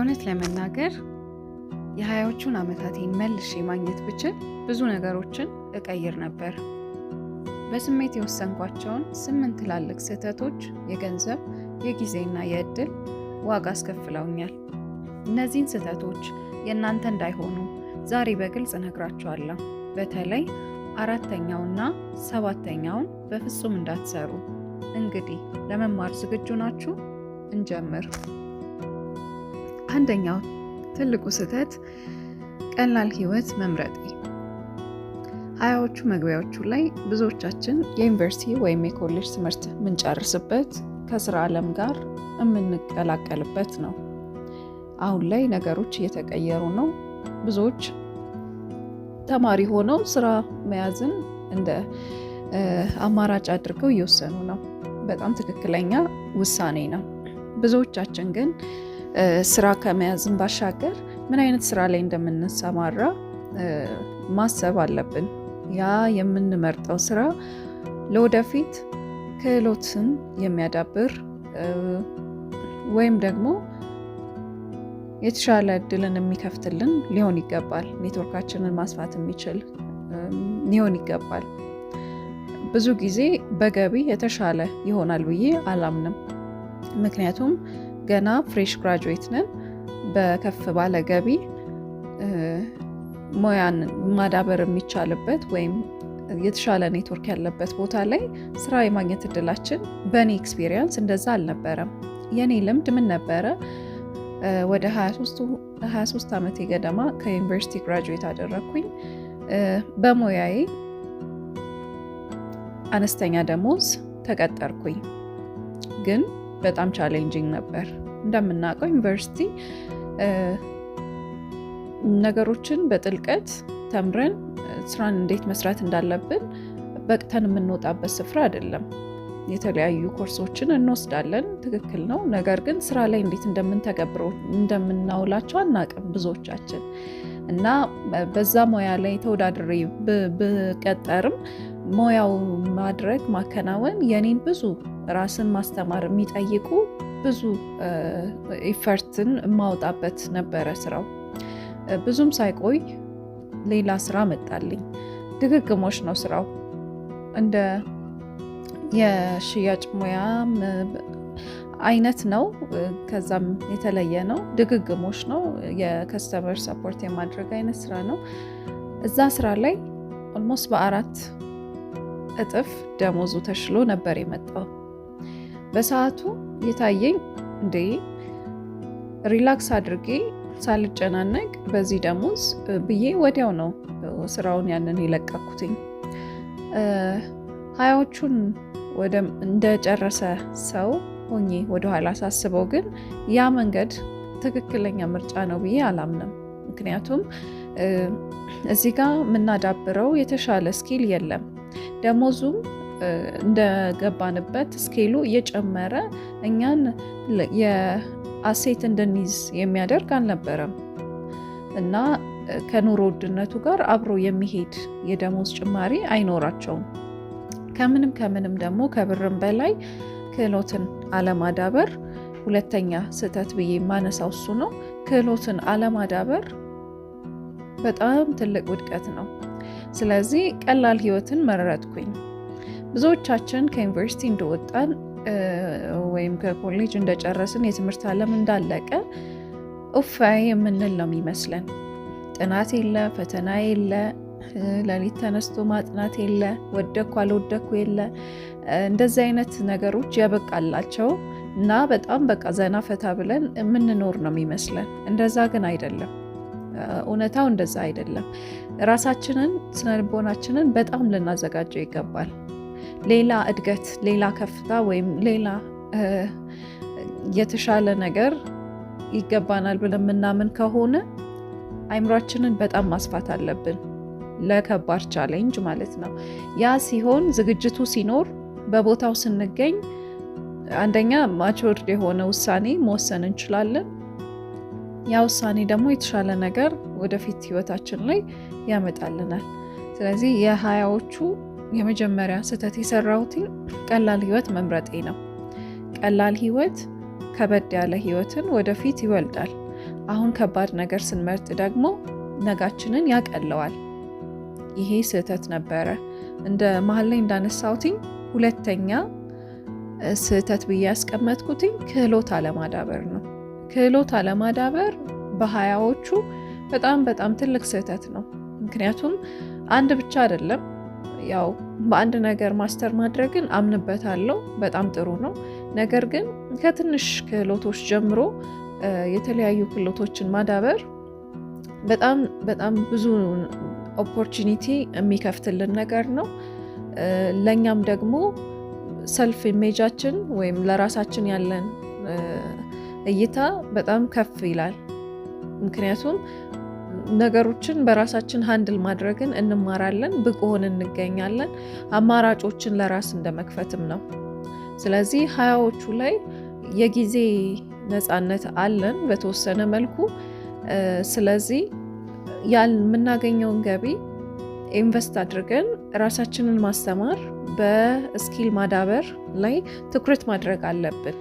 እውነት ለመናገር የሀያዎቹን ዓመታቴን መልሼ ማግኘት ብችል ብዙ ነገሮችን እቀይር ነበር። በስሜት የወሰንኳቸውን ስምንት ትላልቅ ስህተቶች የገንዘብ፣ የጊዜና የእድል ዋጋ አስከፍለውኛል። እነዚህን ስህተቶች የእናንተ እንዳይሆኑ ዛሬ በግልጽ እነግራችኋለሁ። በተለይ አራተኛውና ሰባተኛውን በፍጹም እንዳትሰሩ። እንግዲህ ለመማር ዝግጁ ናችሁ? እንጀምር። አንደኛው ትልቁ ስህተት ቀላል ህይወት መምረጤ። ሀያዎቹ መግቢያዎቹ ላይ ብዙዎቻችን የዩኒቨርሲቲ ወይም የኮሌጅ ትምህርት የምንጨርስበት ከስራ ዓለም ጋር የምንቀላቀልበት ነው። አሁን ላይ ነገሮች እየተቀየሩ ነው። ብዙዎች ተማሪ ሆነው ስራ መያዝን እንደ አማራጭ አድርገው እየወሰኑ ነው። በጣም ትክክለኛ ውሳኔ ነው። ብዙዎቻችን ግን ስራ ከመያዝን ባሻገር ምን አይነት ስራ ላይ እንደምንሰማራ ማሰብ አለብን። ያ የምንመርጠው ስራ ለወደፊት ክህሎትን የሚያዳብር ወይም ደግሞ የተሻለ እድልን የሚከፍትልን ሊሆን ይገባል። ኔትወርካችንን ማስፋት የሚችል ሊሆን ይገባል። ብዙ ጊዜ በገቢ የተሻለ ይሆናል ብዬ አላምንም። ምክንያቱም ገና ፍሬሽ ግራጁዌት ነን። በከፍ ባለ ገቢ ሙያን ማዳበር የሚቻልበት ወይም የተሻለ ኔትወርክ ያለበት ቦታ ላይ ስራ የማግኘት እድላችን በእኔ ኤክስፒሪየንስ እንደዛ አልነበረም። የእኔ ልምድ ምን ነበረ? ወደ 23 ዓመቴ ገደማ ከዩኒቨርሲቲ ግራጁዌት አደረግኩኝ። በሙያዬ አነስተኛ ደሞዝ ተቀጠርኩኝ ግን በጣም ቻሌንጂንግ ነበር። እንደምናውቀው ዩኒቨርሲቲ ነገሮችን በጥልቀት ተምረን ስራን እንዴት መስራት እንዳለብን በቅተን የምንወጣበት ስፍራ አይደለም። የተለያዩ ኮርሶችን እንወስዳለን፣ ትክክል ነው። ነገር ግን ስራ ላይ እንዴት እንደምንተገብረው እንደምናውላቸው አናውቅም ብዙዎቻችን እና በዛ ሙያ ላይ ተወዳድሬ ብቀጠርም ሙያው ማድረግ ማከናወን የኔን ብዙ ራስን ማስተማር የሚጠይቁ ብዙ ኢፈርትን የማወጣበት ነበረ ስራው። ብዙም ሳይቆይ ሌላ ስራ መጣልኝ። ድግግሞች ነው ስራው እንደ የሽያጭ ሙያ አይነት ነው። ከዛም የተለየ ነው። ድግግሞች ነው። የከስተመር ሰፖርት የማድረግ አይነት ስራ ነው። እዛ ስራ ላይ ኦልሞስት በአራት እጥፍ ደሞዙ ተሽሎ ነበር የመጣው። በሰዓቱ የታየኝ እንዴ ሪላክስ አድርጌ ሳልጨናነቅ በዚህ ደሞዝ ብዬ ወዲያው ነው ስራውን ያንን የለቀኩትኝ። ሀያዎቹን እንደጨረሰ ሰው ሆኜ ወደኋላ ሳስበው ግን ያ መንገድ ትክክለኛ ምርጫ ነው ብዬ አላምንም። ምክንያቱም እዚህ ጋር የምናዳብረው የተሻለ ስኪል የለም። ደሞዙም እንደገባንበት ስኬሉ እየጨመረ እኛን የአሴት እንድንይዝ የሚያደርግ አልነበረም እና ከኑሮ ውድነቱ ጋር አብሮ የሚሄድ የደሞዝ ጭማሪ አይኖራቸውም። ከምንም ከምንም ደግሞ ከብርም በላይ ክህሎትን አለማዳበር ሁለተኛ ስህተት ብዬ የማነሳው እሱ ነው። ክህሎትን አለማዳበር በጣም ትልቅ ውድቀት ነው። ስለዚህ ቀላል ህይወትን መረጥኩኝ። ብዙዎቻችን ከዩኒቨርሲቲ እንደወጣን ወይም ከኮሌጅ እንደጨረስን የትምህርት ዓለም እንዳለቀ ኡፋ የምንል ነው የሚመስለን። ጥናት የለ፣ ፈተና የለ፣ ለሊት ተነስቶ ማጥናት የለ፣ ወደኩ አልወደኩ የለ። እንደዚህ አይነት ነገሮች ያበቃላቸው እና በጣም በቃ ዘና ፈታ ብለን የምንኖር ነው የሚመስለን። እንደዛ ግን አይደለም። እውነታው እንደዛ አይደለም። ራሳችንን ስነልቦናችንን በጣም ልናዘጋጀው ይገባል። ሌላ እድገት፣ ሌላ ከፍታ ወይም ሌላ የተሻለ ነገር ይገባናል ብለን የምናምን ከሆነ አይምሯችንን በጣም ማስፋት አለብን፣ ለከባድ ቻሌንጅ ማለት ነው። ያ ሲሆን ዝግጅቱ ሲኖር በቦታው ስንገኝ አንደኛ ማቾርድ የሆነ ውሳኔ መወሰን እንችላለን። ያ ውሳኔ ደግሞ የተሻለ ነገር ወደፊት ህይወታችን ላይ ያመጣልናል። ስለዚህ የሀያዎቹ የመጀመሪያ ስህተት የሰራሁት ቀላል ህይወት መምረጤ ነው። ቀላል ህይወት ከበድ ያለ ህይወትን ወደፊት ይወልዳል። አሁን ከባድ ነገር ስንመርጥ ደግሞ ነጋችንን ያቀለዋል። ይሄ ስህተት ነበረ። እንደ መሀል ላይ እንዳነሳሁትኝ ሁለተኛ ስህተት ብዬ ያስቀመጥኩትኝ ክህሎት አለማዳበር ነው። ክህሎት አለማዳበር በሀያዎቹ በጣም በጣም ትልቅ ስህተት ነው። ምክንያቱም አንድ ብቻ አይደለም። ያው በአንድ ነገር ማስተር ማድረግን አምንበታለው በጣም ጥሩ ነው። ነገር ግን ከትንሽ ክህሎቶች ጀምሮ የተለያዩ ክህሎቶችን ማዳበር በጣም በጣም ብዙ ኦፖርቹኒቲ የሚከፍትልን ነገር ነው። ለእኛም ደግሞ ሰልፍ ኢሜጃችን ወይም ለራሳችን ያለን እይታ በጣም ከፍ ይላል። ምክንያቱም ነገሮችን በራሳችን ሀንድል ማድረግን እንማራለን፣ ብቁ እንገኛለን። አማራጮችን ለራስ እንደመክፈትም ነው። ስለዚህ ሀያዎቹ ላይ የጊዜ ነፃነት አለን በተወሰነ መልኩ። ስለዚህ የምናገኘውን ገቢ ኢንቨስት አድርገን ራሳችንን ማስተማር በስኪል ማዳበር ላይ ትኩረት ማድረግ አለብን።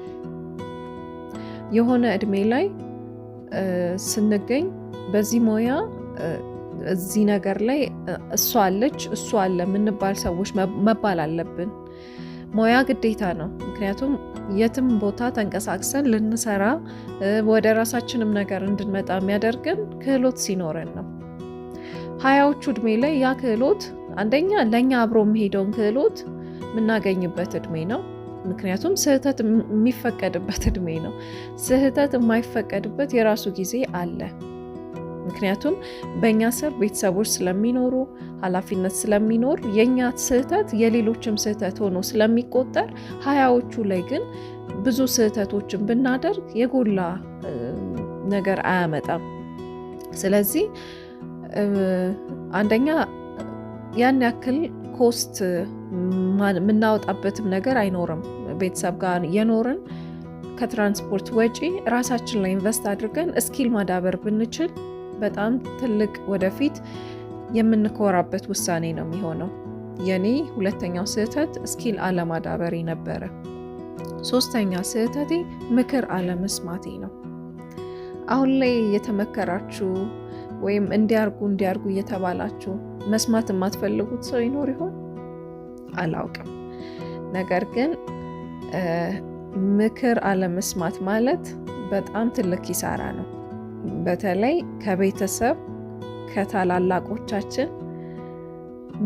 የሆነ እድሜ ላይ ስንገኝ በዚህ ሙያ እዚህ ነገር ላይ እሷ አለች እሱ አለ የምንባል ሰዎች መባል አለብን። ሙያ ግዴታ ነው። ምክንያቱም የትም ቦታ ተንቀሳቅሰን ልንሰራ ወደ ራሳችንም ነገር እንድንመጣ የሚያደርግን ክህሎት ሲኖረን ነው። ሀያዎቹ እድሜ ላይ ያ ክህሎት አንደኛ ለእኛ አብሮ የሚሄደውን ክህሎት የምናገኝበት እድሜ ነው። ምክንያቱም ስህተት የሚፈቀድበት እድሜ ነው። ስህተት የማይፈቀድበት የራሱ ጊዜ አለ። ምክንያቱም በእኛ ስር ቤተሰቦች ስለሚኖሩ ኃላፊነት ስለሚኖር የእኛ ስህተት የሌሎችም ስህተት ሆኖ ስለሚቆጠር ሀያዎቹ ላይ ግን ብዙ ስህተቶችን ብናደርግ የጎላ ነገር አያመጣም። ስለዚህ አንደኛ ያን ያክል ኮስት የምናወጣበትም ነገር አይኖርም። ቤተሰብ ጋር የኖርን ከትራንስፖርት ወጪ ራሳችን ላይ ኢንቨስት አድርገን እስኪል ማዳበር ብንችል በጣም ትልቅ ወደፊት የምንኮራበት ውሳኔ ነው የሚሆነው። የኔ ሁለተኛው ስህተት እስኪል አለማዳበሬ ነበረ። ሶስተኛ ስህተቴ ምክር አለመስማቴ ነው። አሁን ላይ እየተመከራችሁ ወይም እንዲያርጉ እንዲያርጉ እየተባላችሁ መስማት የማትፈልጉት ሰው ይኖር ይሆን? አላውቅም። ነገር ግን ምክር አለመስማት ማለት በጣም ትልቅ ኪሳራ ነው። በተለይ ከቤተሰብ ከታላላቆቻችን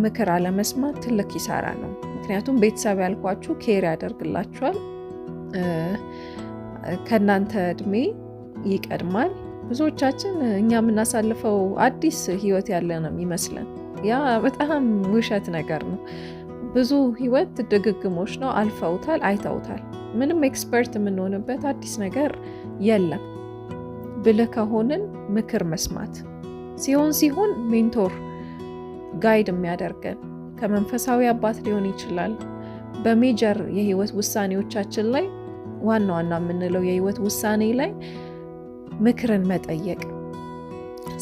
ምክር አለመስማት ትልቅ ኪሳራ ነው። ምክንያቱም ቤተሰብ ያልኳችሁ ኬር ያደርግላችኋል፣ ከእናንተ እድሜ ይቀድማል። ብዙዎቻችን እኛ የምናሳልፈው አዲስ ህይወት ያለ ነው የሚመስለን። ያ በጣም ውሸት ነገር ነው። ብዙ ህይወት ድግግሞች ነው፣ አልፈውታል፣ አይተውታል። ምንም ኤክስፐርት የምንሆንበት አዲስ ነገር የለም። ብልህ ከሆንን ምክር መስማት ሲሆን ሲሆን ሜንቶር ጋይድ የሚያደርገን ከመንፈሳዊ አባት ሊሆን ይችላል። በሜጀር የህይወት ውሳኔዎቻችን ላይ ዋና ዋና የምንለው የህይወት ውሳኔ ላይ ምክርን መጠየቅ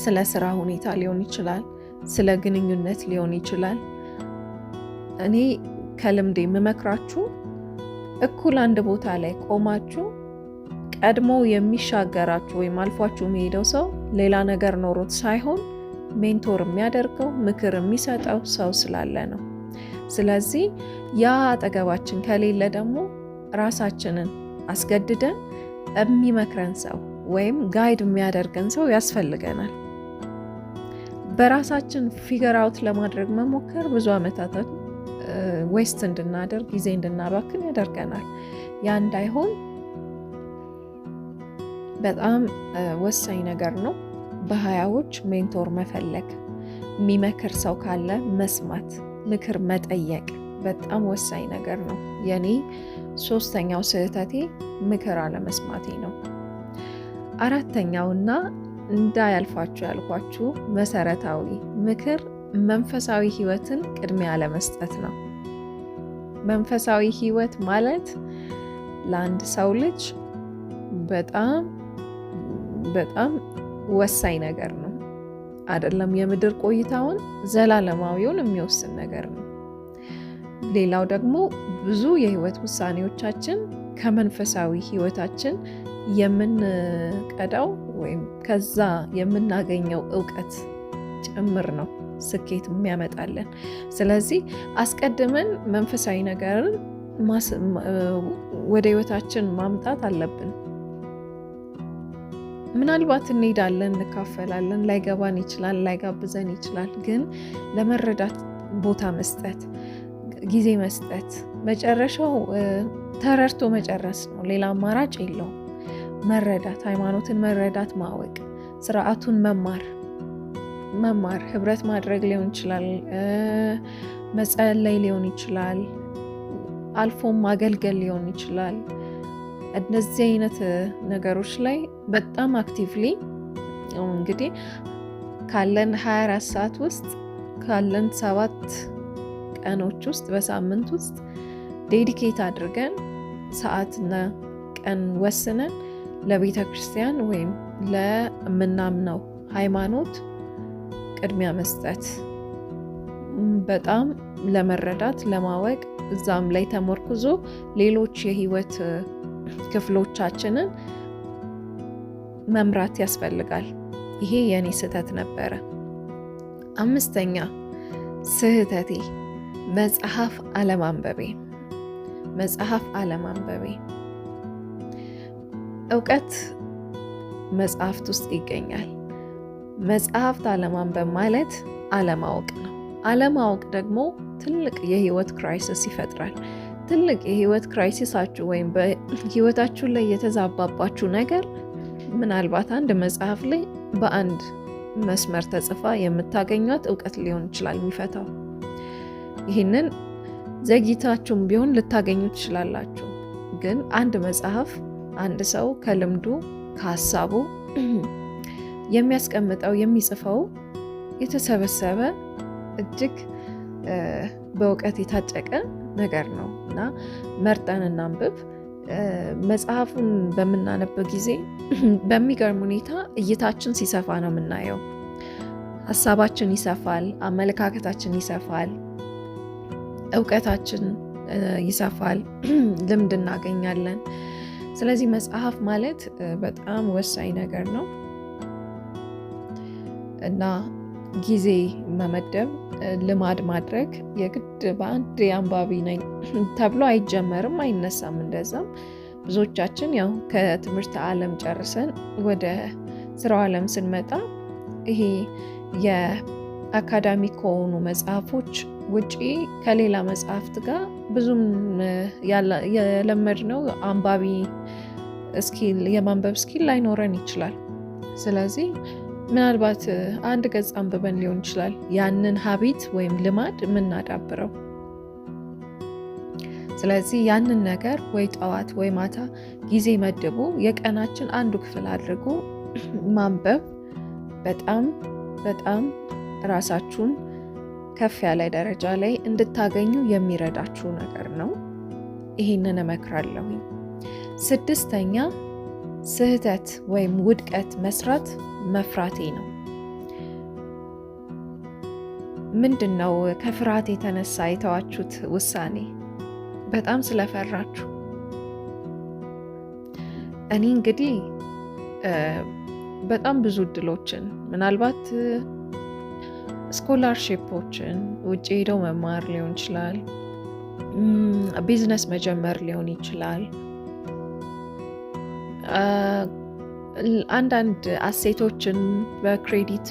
ስለ ስራ ሁኔታ ሊሆን ይችላል። ስለ ግንኙነት ሊሆን ይችላል። እኔ ከልምድ የምመክራችሁ እኩል አንድ ቦታ ላይ ቆማችሁ ቀድሞ የሚሻገራችሁ ወይም አልፏችሁ የሚሄደው ሰው ሌላ ነገር ኖሮት ሳይሆን ሜንቶር የሚያደርገው ምክር የሚሰጠው ሰው ስላለ ነው። ስለዚህ ያ አጠገባችን ከሌለ ደግሞ ራሳችንን አስገድደን የሚመክረን ሰው ወይም ጋይድ የሚያደርገን ሰው ያስፈልገናል። በራሳችን ፊገር አውት ለማድረግ መሞከር ብዙ ዓመታታት ዌስት እንድናደርግ ጊዜ እንድናባክን ያደርገናል። ያ እንዳይሆን በጣም ወሳኝ ነገር ነው። በሀያዎች ሜንቶር መፈለግ፣ የሚመክር ሰው ካለ መስማት፣ ምክር መጠየቅ በጣም ወሳኝ ነገር ነው። የኔ ሶስተኛው ስህተቴ ምክር አለመስማቴ ነው። አራተኛውና እንዳያልፋችሁ ያልኳችሁ መሰረታዊ ምክር መንፈሳዊ ህይወትን ቅድሚያ ለመስጠት ነው። መንፈሳዊ ህይወት ማለት ለአንድ ሰው ልጅ በጣም በጣም ወሳኝ ነገር ነው። አይደለም የምድር ቆይታውን ዘላለማዊውን የሚወስን ነገር ነው። ሌላው ደግሞ ብዙ የህይወት ውሳኔዎቻችን ከመንፈሳዊ ህይወታችን የምንቀዳው ወይም ከዛ የምናገኘው እውቀት ጭምር ነው ስኬት የሚያመጣለን። ስለዚህ አስቀድመን መንፈሳዊ ነገርን ወደ ህይወታችን ማምጣት አለብን። ምናልባት እንሄዳለን፣ እንካፈላለን፣ ላይገባን ይችላል፣ ላይጋብዘን ይችላል። ግን ለመረዳት ቦታ መስጠት፣ ጊዜ መስጠት፣ መጨረሻው ተረድቶ መጨረስ ነው። ሌላ አማራጭ የለውም። መረዳት፣ ሃይማኖትን መረዳት፣ ማወቅ፣ ስርዓቱን መማር መማር ህብረት ማድረግ ሊሆን ይችላል፣ መጸለይ ሊሆን ይችላል፣ አልፎም ማገልገል ሊሆን ይችላል። እነዚህ አይነት ነገሮች ላይ በጣም አክቲቭሊ እንግዲህ ካለን 24 ሰዓት ውስጥ ካለን ሰባት ቀኖች ውስጥ በሳምንት ውስጥ ዴዲኬት አድርገን ሰዓትና ቀን ወስነን ለቤተ ክርስቲያን ወይም ለምናምነው ሃይማኖት ቅድሚያ መስጠት በጣም ለመረዳት ለማወቅ እዛም ላይ ተመርኩዞ ሌሎች የህይወት ክፍሎቻችንን መምራት ያስፈልጋል። ይሄ የኔ ስህተት ነበረ። አምስተኛ ስህተቴ መጽሐፍ አለማንበቤ መጽሐፍ አለማንበቤ። እውቀት መጽሐፍት ውስጥ ይገኛል። መጽሐፍት አለማንበብ ማለት አለማወቅ ነው። አለማወቅ ደግሞ ትልቅ የህይወት ክራይሲስ ይፈጥራል። ትልቅ የህይወት ክራይሲሳችሁ ወይም በህይወታችሁ ላይ የተዛባባችሁ ነገር ምናልባት አንድ መጽሐፍ ላይ በአንድ መስመር ተጽፋ የምታገኟት እውቀት ሊሆን ይችላል የሚፈታው። ይህንን ዘግይታችሁም ቢሆን ልታገኙ ትችላላችሁ። ግን አንድ መጽሐፍ አንድ ሰው ከልምዱ ከሀሳቡ የሚያስቀምጠው የሚጽፈው የተሰበሰበ እጅግ በእውቀት የታጨቀ ነገር ነው እና መርጠን እናንብብ። መጽሐፉን በምናነብ ጊዜ በሚገርም ሁኔታ እይታችን ሲሰፋ ነው የምናየው። ሀሳባችን ይሰፋል፣ አመለካከታችን ይሰፋል፣ እውቀታችን ይሰፋል፣ ልምድ እናገኛለን። ስለዚህ መጽሐፍ ማለት በጣም ወሳኝ ነገር ነው። እና ጊዜ መመደብ ልማድ ማድረግ የግድ በአንድ አንባቢ ነኝ ተብሎ አይጀመርም፣ አይነሳም። እንደዛም ብዙዎቻችን ያው ከትምህርት ዓለም ጨርሰን ወደ ስራው ዓለም ስንመጣ ይሄ የአካዳሚክ ከሆኑ መጽሐፎች ውጪ ከሌላ መጽሐፍት ጋር ብዙም የለመድነው አንባቢ ስኪል የማንበብ ስኪል ላይኖረን ይችላል። ስለዚህ ምናልባት አንድ ገጽ አንብበን ሊሆን ይችላል ያንን ሀቢት ወይም ልማድ የምናዳብረው። ስለዚህ ያንን ነገር ወይ ጠዋት ወይ ማታ ጊዜ መድቡ የቀናችን አንዱ ክፍል አድርጎ ማንበብ በጣም በጣም ራሳችሁን ከፍ ያለ ደረጃ ላይ እንድታገኙ የሚረዳችሁ ነገር ነው። ይህንን እመክራለሁኝ። ስድስተኛ ስህተት ወይም ውድቀት መስራት መፍራቴ ነው። ምንድን ነው ከፍርሃት የተነሳ የተዋችሁት ውሳኔ? በጣም ስለፈራችሁ። እኔ እንግዲህ በጣም ብዙ እድሎችን ምናልባት ስኮላርሺፖችን፣ ውጭ ሄደው መማር ሊሆን ይችላል፣ ቢዝነስ መጀመር ሊሆን ይችላል አንዳንድ አሴቶችን በክሬዲት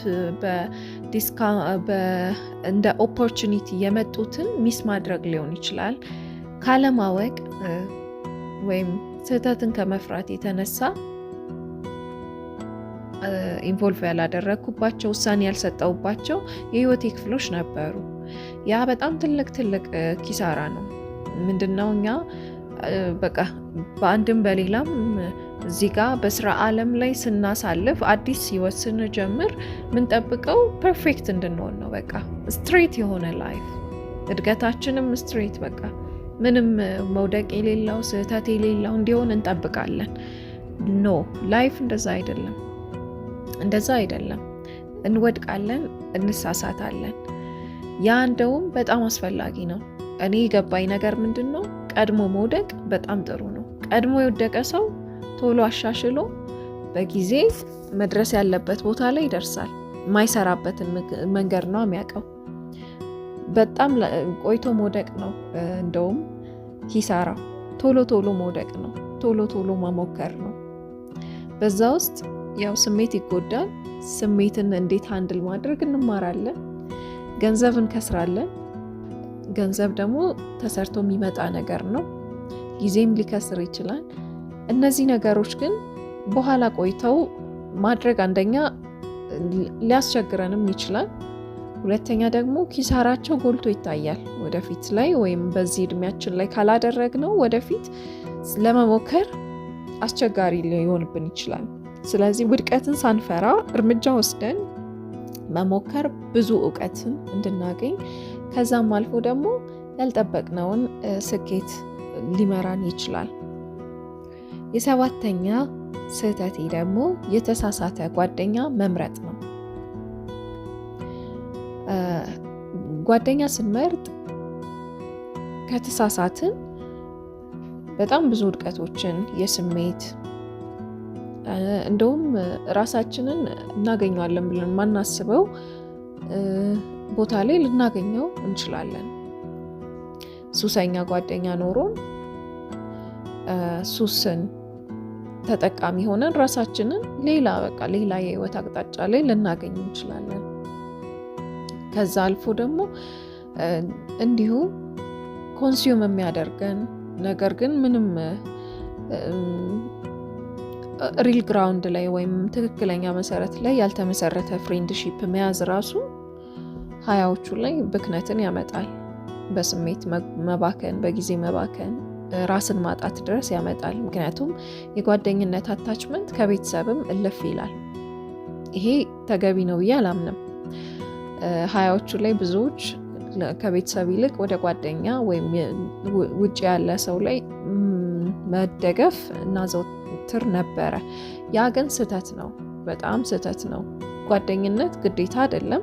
እንደ ኦፖርቹኒቲ የመጡትን ሚስ ማድረግ ሊሆን ይችላል። ካለማወቅ ወይም ስህተትን ከመፍራት የተነሳ ኢንቮልቭ ያላደረግኩባቸው ውሳኔ ያልሰጠውባቸው የህይወቴ ክፍሎች ነበሩ። ያ በጣም ትልቅ ትልቅ ኪሳራ ነው። ምንድነው እኛ በቃ በአንድም በሌላም እዚህ ጋ በስራ አለም ላይ ስናሳልፍ አዲስ ህይወት ስንጀምር የምንጠብቀው ፐርፌክት እንድንሆን ነው። በቃ ስትሬት የሆነ ላይፍ እድገታችንም ስትሬት በቃ ምንም መውደቅ የሌለው ስህተት የሌለው እንዲሆን እንጠብቃለን። ኖ ላይፍ እንደዛ አይደለም፣ እንደዛ አይደለም። እንወድቃለን፣ እንሳሳታለን። ያ እንደውም በጣም አስፈላጊ ነው። እኔ የገባኝ ነገር ምንድን ነው፣ ቀድሞ መውደቅ በጣም ጥሩ ነው። ቀድሞ የወደቀ ሰው ቶሎ አሻሽሎ በጊዜ መድረስ ያለበት ቦታ ላይ ይደርሳል። የማይሰራበትን መንገድ ነው የሚያውቀው። በጣም ቆይቶ መውደቅ ነው እንደውም ኪሳራው። ቶሎ ቶሎ መውደቅ ነው፣ ቶሎ ቶሎ መሞከር ነው። በዛ ውስጥ ያው ስሜት ይጎዳል። ስሜትን እንዴት አንድል ማድረግ እንማራለን። ገንዘብ እንከስራለን። ገንዘብ ደግሞ ተሰርቶ የሚመጣ ነገር ነው። ጊዜም ሊከስር ይችላል። እነዚህ ነገሮች ግን በኋላ ቆይተው ማድረግ አንደኛ ሊያስቸግረንም ይችላል። ሁለተኛ ደግሞ ኪሳራቸው ጎልቶ ይታያል ወደፊት ላይ ወይም በዚህ እድሜያችን ላይ ካላደረግነው ወደፊት ለመሞከር አስቸጋሪ ሊሆንብን ይችላል። ስለዚህ ውድቀትን ሳንፈራ እርምጃ ወስደን መሞከር ብዙ እውቀትን እንድናገኝ ከዛም አልፎ ደግሞ ያልጠበቅነውን ስኬት ሊመራን ይችላል። የሰባተኛ ስህተቴ ደግሞ የተሳሳተ ጓደኛ መምረጥ ነው። ጓደኛ ስንመርጥ ከተሳሳትን በጣም ብዙ ውድቀቶችን የስሜት እንደውም ራሳችንን እናገኘዋለን ብለን ማናስበው ቦታ ላይ ልናገኘው እንችላለን። ሱሰኛ ጓደኛ ኖሮን ሱስን ተጠቃሚ ሆነን ራሳችንን ሌላ በቃ ሌላ የህይወት አቅጣጫ ላይ ልናገኝ እንችላለን። ከዛ አልፎ ደግሞ እንዲሁ ኮንሱም የሚያደርገን ነገር ግን ምንም ሪል ግራውንድ ላይ ወይም ትክክለኛ መሰረት ላይ ያልተመሰረተ ፍሬንድሺፕ መያዝ ራሱ ሀያዎቹ ላይ ብክነትን ያመጣል። በስሜት መባከን፣ በጊዜ መባከን ራስን ማጣት ድረስ ያመጣል። ምክንያቱም የጓደኝነት አታችመንት ከቤተሰብም እልፍ ይላል። ይሄ ተገቢ ነው ብዬ አላምንም። ሀያዎቹ ላይ ብዙዎች ከቤተሰብ ይልቅ ወደ ጓደኛ ወይም ውጭ ያለ ሰው ላይ መደገፍ እና ዘውትር ነበረ። ያ ግን ስህተት ነው፣ በጣም ስህተት ነው። ጓደኝነት ግዴታ አይደለም።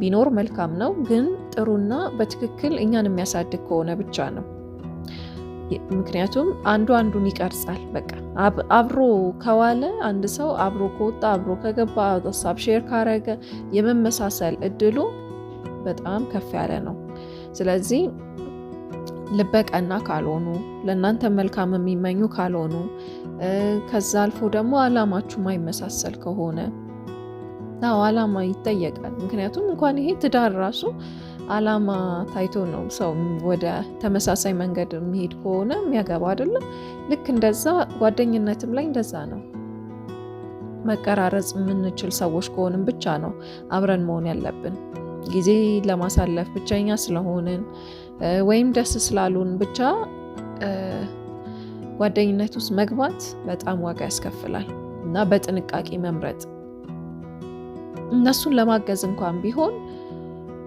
ቢኖር መልካም ነው፣ ግን ጥሩና በትክክል እኛን የሚያሳድግ ከሆነ ብቻ ነው። ምክንያቱም አንዱ አንዱን ይቀርጻል። በቃ አብሮ ከዋለ አንድ ሰው አብሮ ከወጣ አብሮ ከገባ ሀሳብ ሼር ካረገ የመመሳሰል እድሉ በጣም ከፍ ያለ ነው። ስለዚህ ልበቀና ካልሆኑ ለእናንተ መልካም የሚመኙ ካልሆኑ ከዛ አልፎ ደግሞ አላማችሁ ማይመሳሰል ከሆነ አዎ አላማ ይጠየቃል። ምክንያቱም እንኳን ይሄ ትዳር ራሱ አላማ ታይቶ ነው ሰው ወደ ተመሳሳይ መንገድ የሚሄድ ከሆነ የሚያገባ አይደለም። ልክ እንደዛ ጓደኝነትም ላይ እንደዛ ነው። መቀራረጽ የምንችል ሰዎች ከሆንም ብቻ ነው አብረን መሆን ያለብን። ጊዜ ለማሳለፍ ብቸኛ ስለሆንን ወይም ደስ ስላሉን ብቻ ጓደኝነት ውስጥ መግባት በጣም ዋጋ ያስከፍላል እና በጥንቃቄ መምረጥ እነሱን ለማገዝ እንኳን ቢሆን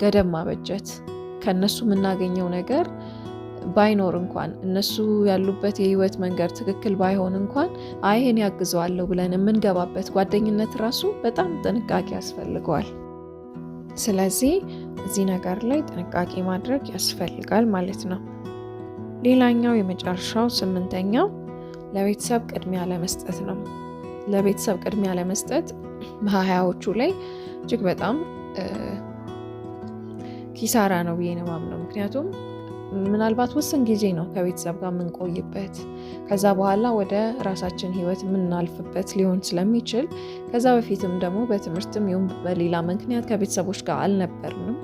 ገደብ ማበጀት ከእነሱ የምናገኘው ነገር ባይኖር እንኳን እነሱ ያሉበት የህይወት መንገድ ትክክል ባይሆን እንኳን አይህን ያግዘዋለሁ ብለን የምንገባበት ጓደኝነት ራሱ በጣም ጥንቃቄ ያስፈልገዋል። ስለዚህ እዚህ ነገር ላይ ጥንቃቄ ማድረግ ያስፈልጋል ማለት ነው። ሌላኛው የመጨረሻው ስምንተኛው ለቤተሰብ ቅድሚያ ለመስጠት ነው። ለቤተሰብ ቅድሚያ ለመስጠት በሀያዎቹ ላይ እጅግ በጣም ኪሳራ ነው ብዬ ነው የማምነው። ምክንያቱም ምናልባት ውስን ጊዜ ነው ከቤተሰብ ጋር የምንቆይበት፣ ከዛ በኋላ ወደ ራሳችን ህይወት የምናልፍበት ሊሆን ስለሚችል ከዛ በፊትም ደግሞ በትምህርትም ይሁን በሌላ ምክንያት ከቤተሰቦች ጋር አልነበርንም።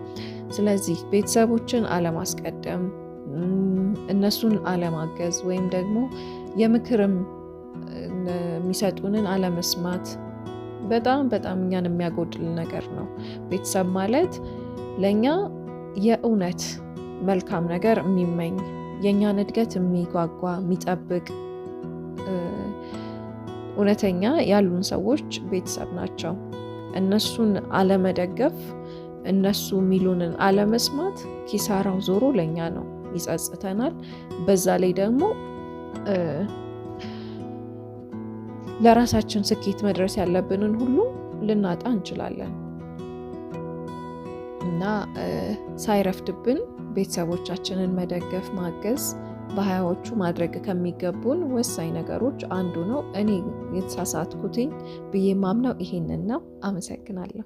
ስለዚህ ቤተሰቦችን አለማስቀደም፣ እነሱን አለማገዝ ወይም ደግሞ የምክርም የሚሰጡንን አለመስማት በጣም በጣም እኛን የሚያጎድል ነገር ነው። ቤተሰብ ማለት ለእኛ የእውነት መልካም ነገር የሚመኝ የእኛን እድገት የሚጓጓ የሚጠብቅ እውነተኛ ያሉን ሰዎች ቤተሰብ ናቸው። እነሱን አለመደገፍ፣ እነሱ የሚሉንን አለመስማት ኪሳራው ዞሮ ለእኛ ነው፣ ይጸጽተናል። በዛ ላይ ደግሞ ለራሳችን ስኬት መድረስ ያለብንን ሁሉ ልናጣ እንችላለን። እና ሳይረፍድብን ቤተሰቦቻችንን መደገፍ፣ ማገዝ በሀያዎቹ ማድረግ ከሚገቡን ወሳኝ ነገሮች አንዱ ነው። እኔ የተሳሳትኩትኝ ብዬ ማምነው ይሄንን ነው። አመሰግናለሁ።